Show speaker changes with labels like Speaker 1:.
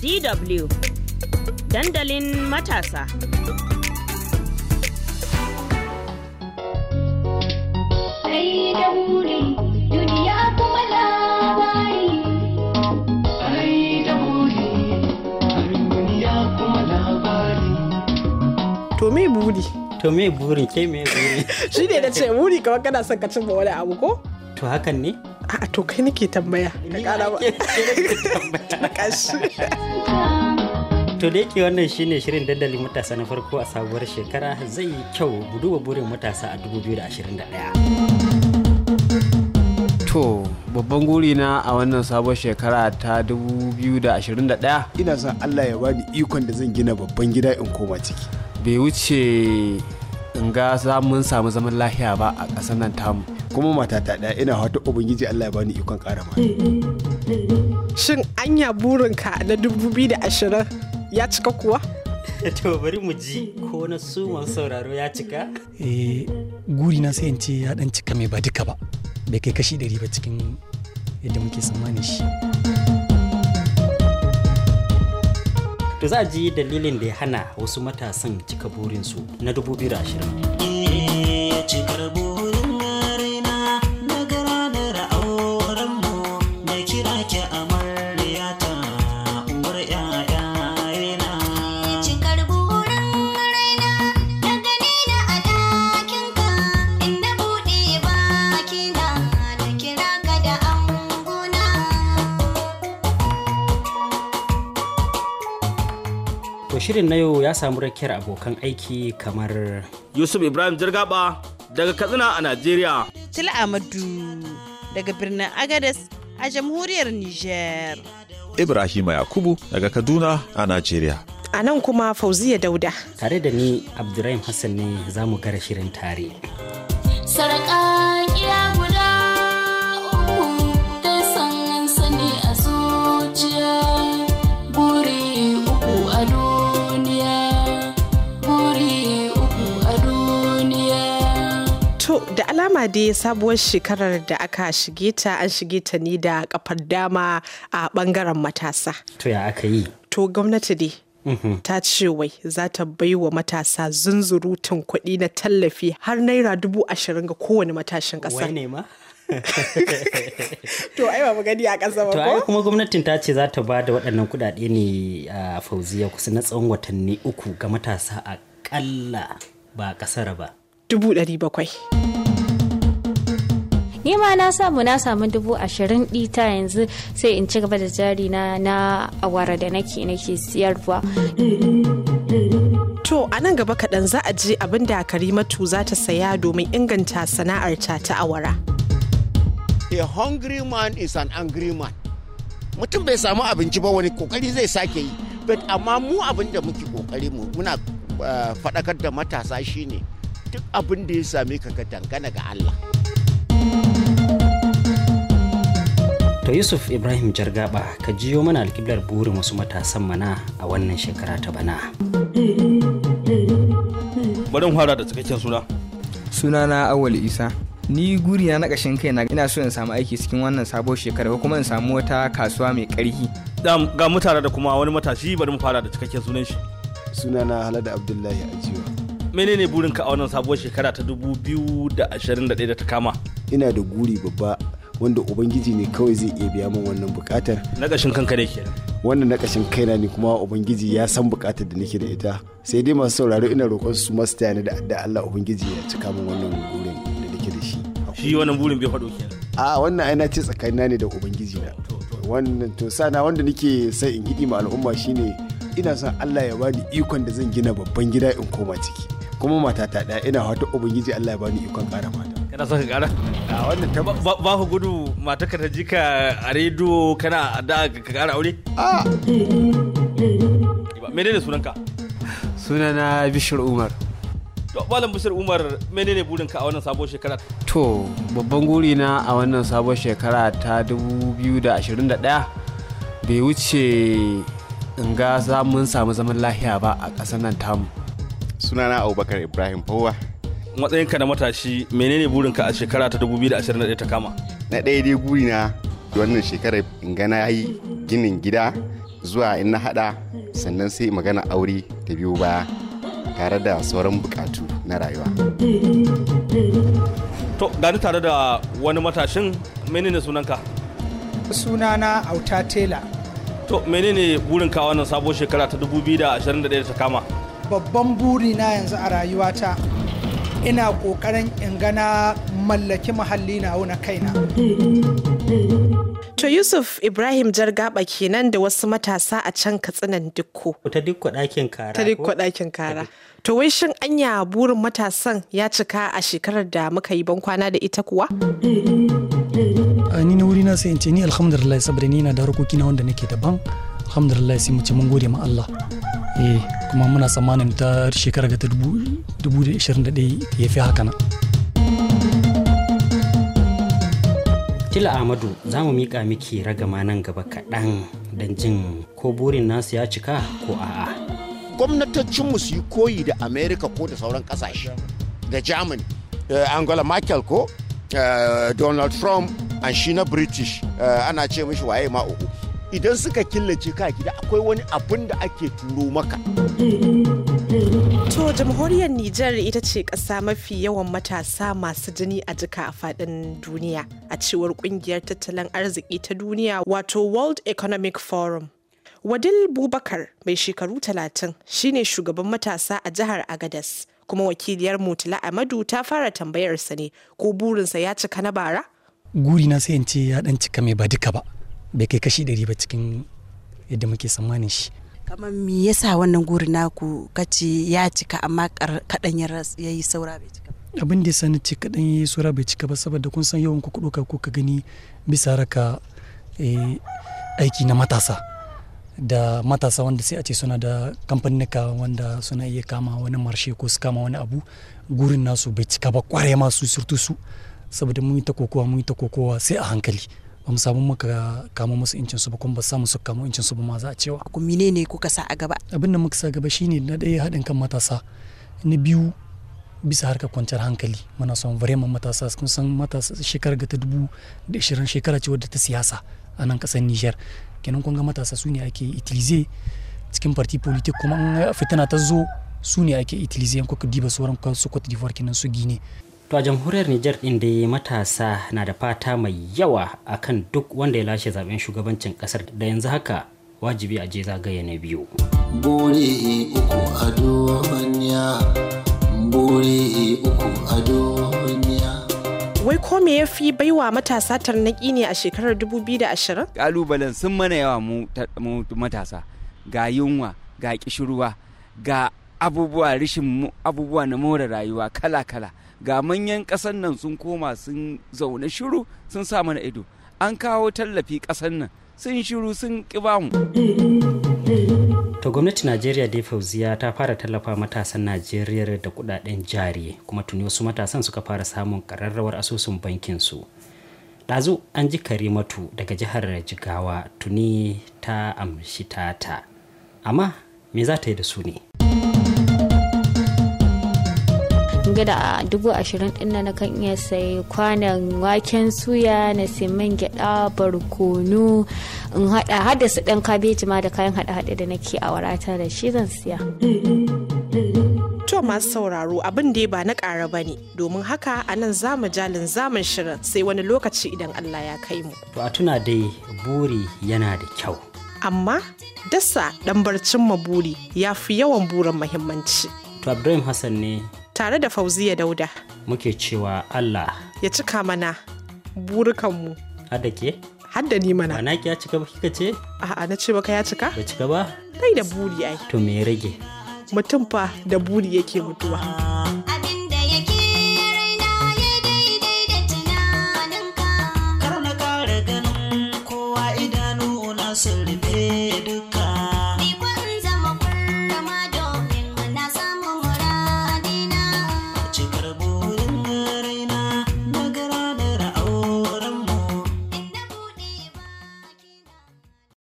Speaker 1: DW dandalin matasa.
Speaker 2: Sai kuma buri? To
Speaker 1: me buri ke me buri? Shi ne da ce buri
Speaker 3: kawai kana son ka cimma wani abu ko?
Speaker 1: To hakan ne? a to kai nake tambaya ka to da yake wannan shine shirin dandalin matasa na farko a sabuwar shekara zai yi kyau duba burin matasa a 2021 to babban guri na a wannan sabuwar shekara ta 2021 ina son Allah ya bani ikon da zan gina babban gida in koma ciki bai wuce in ga za mun samu zaman lahiya ba a ƙasar nan tamu kuma matata ɗaya ina wata ubangiji Allah ya bani ikon ƙara ma.
Speaker 3: Shin anya burinka na 2020 ya cika kuwa?
Speaker 1: to bari mu ji ko na suman sauraro ya cika?
Speaker 2: Eh guri na sai in ce ya dan cika mai ba duka ba bai kai kashi ɗari ba cikin yadda muke tsammanin shi. To za a ji dalilin da ya
Speaker 1: hana wasu matasan cika burinsu na 2020. Shirin na yau ya samu rakiyar abokan aiki kamar Yusuf Ibrahim Jirgaba daga Katsina
Speaker 4: a Najeriya.
Speaker 3: Tila Amadu daga birnin Agadez a jamhuriyar niger
Speaker 4: Ibrahima Yakubu daga Kaduna a Najeriya.
Speaker 3: A nan kuma
Speaker 1: Fauziya Dauda. Tare da ni Abdurrahim Hassan ne za mu gara shirin tare. Sarakai.
Speaker 3: salama dai sabuwar shekarar da aka shige ta an shige ta ne da kafar dama a bangaren matasa.
Speaker 1: To ya aka yi?
Speaker 3: To gwamnati dai mhm. ta ce wai za ta bai wa matasa zunzurutun kuɗi na tallafi har naira dubu ashirin ga kowane matashin ƙasa. Wai ne ma? to ai ba gani a ƙasa ba ko? To ai
Speaker 1: kuma gwamnatin ta ce za ta ba da waɗannan kuɗaɗe ne a fauziya kusa na tsawon watanni uku ga matasa a ƙalla ba ƙasar ba. Dubu ɗari bakwai. ni ma na samu na samu dubu ashirin dita yanzu sai in ci gaba da jari na na awara da nake nake siyarwa
Speaker 3: To a nan gaba kaɗan za a je abin da Karimatu za ta saya domin inganta sana'ar
Speaker 1: ta awara. A hungry man is an angry man. Mutum bai samu abinci ba wani kokari zai sake yi. But amma mu abin da muke kokari mu muna eh, faɗakar da matasa shine duk abin da ya same ka ka dangana ga Allah. To Yusuf Ibrahim Jargaba ka jiyo mana alƙiblar burin wasu matasan mana a wannan shekara ta bana.
Speaker 4: Bari in fara da cikakken suna. na Awal Isa. Ni guriya na ƙashin na ina so in samu aiki cikin wannan sabon shekara ko kuma in samu wata kasuwa mai ƙarfi. Ga mutane da kuma wani matashi bari mu fara da cikakken sunan shi.
Speaker 1: Suna na Halada Abdullahi Ajiwa.
Speaker 4: Menene burinka a wannan sabuwar shekara ta 2021 da ta kama?
Speaker 1: Ina da guri babba wanda ubangiji ne kawai zai iya biya min wannan bukatar na kashin kanka ne kenan wannan na kai kaina ne kuma ubangiji ya san bukatar da nake da ita sai dai masu sauraro ina roƙon su masu tayani da adda Allah ubangiji ya cika min wannan burin da
Speaker 4: nake da shi shi wannan burin bai faɗo kenan
Speaker 1: a wannan aina ce tsakanina ne da ubangiji na wannan to sana wanda nake sai in ma al'umma shine ina son Allah ya bani ikon da zan gina babban gida in koma ciki kuma matata ɗaya ina fata ubangiji Allah ya bani ikon ƙara mata
Speaker 4: kana son ka kara a wannan ta ba ku gudu mata ka ta ji ka a rediyo kana da ka kara aure a menene sunanka
Speaker 1: sunana bishir umar
Speaker 4: to malam bishir umar menene burinka a wannan sabon shekara
Speaker 1: to babban guri na a wannan sabon shekara ta 2021 bai wuce in ga mun samu zaman lahiya ba a ƙasar nan tamu sunana abubakar ibrahim fowa
Speaker 4: matsayinka na matashi menene burinka a shekara ta 2021 ta kama
Speaker 1: na ɗaya dai guri na wannan shekarar in gana yi ginin gida zuwa in na hada sannan sai magana aure ta
Speaker 4: biyo baya tare da sauran bukatu na rayuwa to gani tare da wani matashin menene sunanka
Speaker 1: sunana
Speaker 3: auta tela
Speaker 4: to menene burinka wannan sabon shekara ta 2021 ta kama
Speaker 3: babban burina yanzu a rayuwata ina kokarin in gana mallaki muhalli na na kaina. To Yusuf Ibrahim Jargaba kenan da wasu matasa a can katsinan dukko. Ta dukko ɗakin kara. Ta dukko ɗakin kara. To wai shin anya burin matasan ya cika a shekarar da muka yi bankwana da ita kuwa?
Speaker 2: Ni na wuri na sai in ce ni alhamdulillah saboda ni na da harkoki na wanda nake daban. Alhamdulillah sai mu ce mun gode ma Allah. Eh, kuma muna tsammanin ta shekara ga ta 2021 ya fi haka na.
Speaker 1: Tila Ahmadu za mu miƙa miki ragama nan gaba kaɗan don jin ko burin nasu ya cika ko a'a. Gwamnatocinmu su yi koyi da Amerika ko da sauran ƙasashe da Germany, eh, angola Merkel ko eh, Donald Trump an shi na British ana ce mishi waye ma uku. idan suka killace ka gida akwai wani abin da ake turo maka
Speaker 3: to jamhuriyar Nijar ita ce ƙasa mafi yawan matasa masu jini a jika a faɗin duniya a cewar ƙungiyar tattalin arziki ta duniya wato world economic forum Wadil Bubakar mai shekaru talatin shine shugaban matasa a jihar Agadas kuma wakiliyar Mutula Amadu ta fara tambayarsa ne ko burinsa ya cika na bara?
Speaker 2: Guri na sai ce ya dan cika mai ba duka ba. bai kai kashi ɗari ba cikin yadda muke tsammanin shi
Speaker 1: kamar me yasa wannan guri naku kace ya cika amma kaɗan ya yi saura bai cika
Speaker 2: abin da sani ce kaɗan ya yi saura bai cika ba saboda kun san yawan kuɗuka ko kuka gani bisa raka eh, aiki na matasa da matasa wanda sai a ce suna da kamfanika wanda suna iya kama wani marshe ko su kama wani abu gurin nasu bai cika ba kwarai masu surtu su saboda mun yi ta kokowa mun yi ta kokowa sai a hankali ba mu samu muka kama musu incin su ba kuma ba samu su kama incin su ba ma za a cewa ku ne kuka sa a gaba abin da muka sa gaba shine na ɗaya haɗin kan matasa na biyu bisa harkar kwanciyar hankali muna son vraiment matasa sun san matasa shekarar ga ta dubu da ishirin shekara ce wadda ta siyasa a nan kasar Nijar kenan kun ga matasa su ne ake itilize cikin parti politik kuma fitina ta zo su ne ake itilize in kuka diba sauran su Cote d'Ivoire kenan su Guinea to a jamhuriyar
Speaker 1: Nijar ɗin da matasa na da fata mai yawa a kan duk wanda ya lashe zaben shugabancin ƙasar da yanzu haka wajibi a je zagaye na biyu buri uku a duniya buri uku a duniya
Speaker 3: wai ko me ya fi baiwa matasa tarnaƙi ne a shekarar 2020
Speaker 1: ƙalubalen sun mana yawa mu matasa ga yunwa ga kishirwa ga abubuwa rishin abubuwa na more rayuwa kala-kala ga manyan ƙasar nan sun koma sun zaune shiru sun sa mana ido an kawo tallafi ƙasan nan sun shiru sun ƙi To gwamnatin Najeriya dai Fauziya ta fara tallafa matasan Najeriya da kudaden jari kuma tuni wasu matasan suka fara samun kararrawar asusun bankin su. Ɗazu an ji Karimatu daga jihar Jigawa tuni ta amshi tata. Amma me za ta yi da su ne? ga da dubu ashirin din na kan iya sai kwanan waken suya na siman gyaɗa barkono in haɗa hada su ɗan kabeji ma da kayan haɗe-haɗe da nake a warata da shi zan siya.
Speaker 3: To masu sauraro abin da ba na ƙara ba ne domin haka a nan za mu jalin zamun shirin sai wani lokaci idan Allah ya kai mu.
Speaker 1: To a tuna dai buri yana da kyau.
Speaker 3: Amma dasa ɗan barcin ma buri ya fi yawan burin muhimmanci. To Ibrahim Hassan ne tare da fauziya dauda muke cewa allah ya cika mana burukanmu Hadda ke hadda ni mana ba na ya cika ba kika ce a'a na ce baka ya cika ba cika ba dai da buri ai
Speaker 1: to me ya rage
Speaker 3: mutum fa da buri yake mutuwa